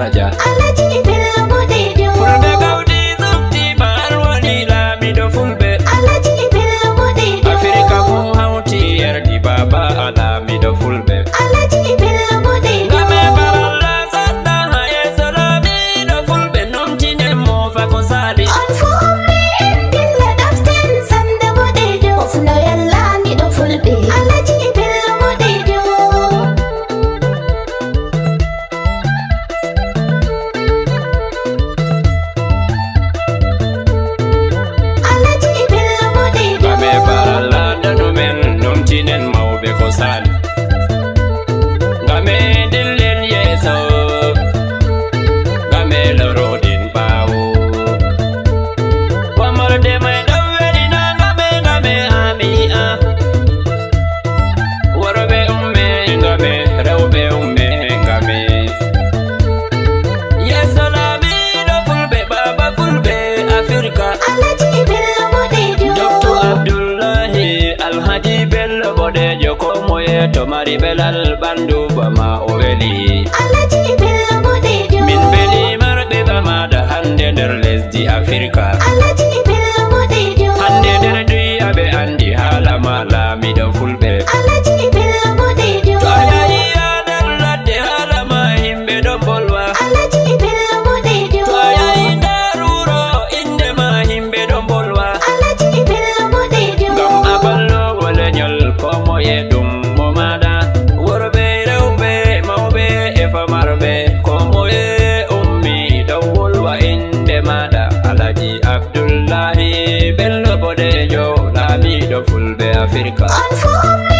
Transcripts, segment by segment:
aja. to mari ɓelal ɓandu bama o weliminbeni marɓe ɓamaɗa hande nder lesdi afrika Allah, Africa. And for me.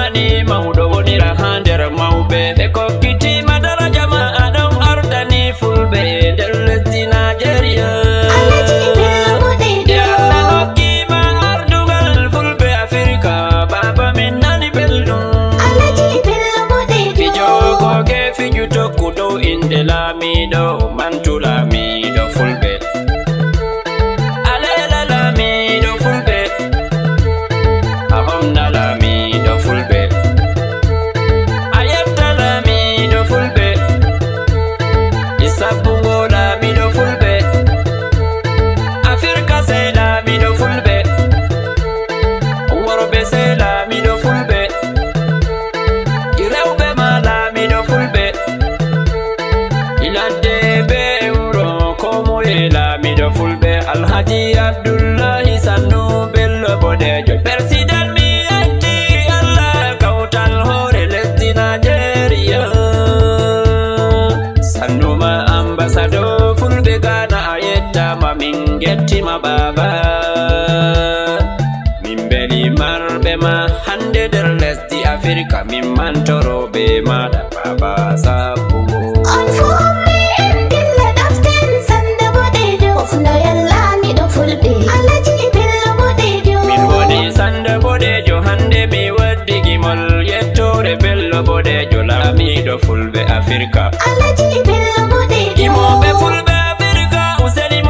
min gettima baba min hande nder lesdi Afrika, min mantoroɓe maɗa baba sabbugo on fu ummi en dilla ɗoften sanda boɗejo ofno yallamiɗo fulɓe allah jii bello boɗejo min woni sanda boɗejo hande mi waddi gimol yettore bello boɗejo mi dofulbe Afrika. allah jii bello boɗejo imoɓe fulɓe afirka useni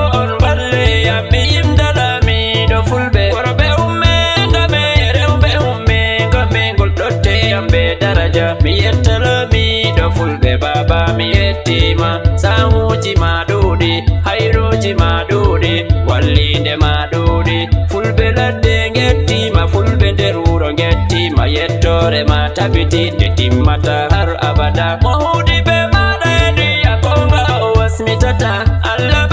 daraja mi yettala miɗo fulɓe baba mi yettima sahuji ma ɗuɗi hayruji ma ɗuɗi wallinde ma ɗuɗi fulɓe ladde gettima fulɓe nde ruro gettima yettore ma tabiti nde timmata har abada mohuɗi ɓe maɗaniyakonga e o wasmitata allah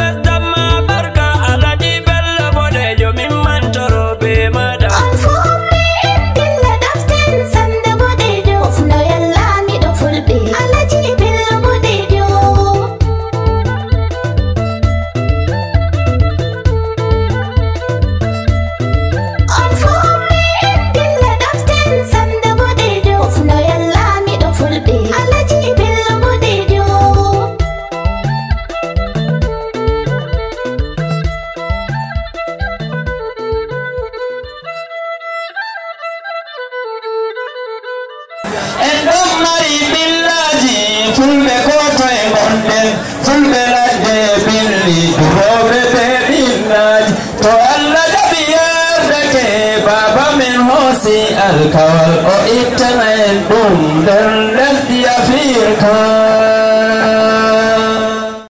see alcohol or eat and boom, then let the affair come.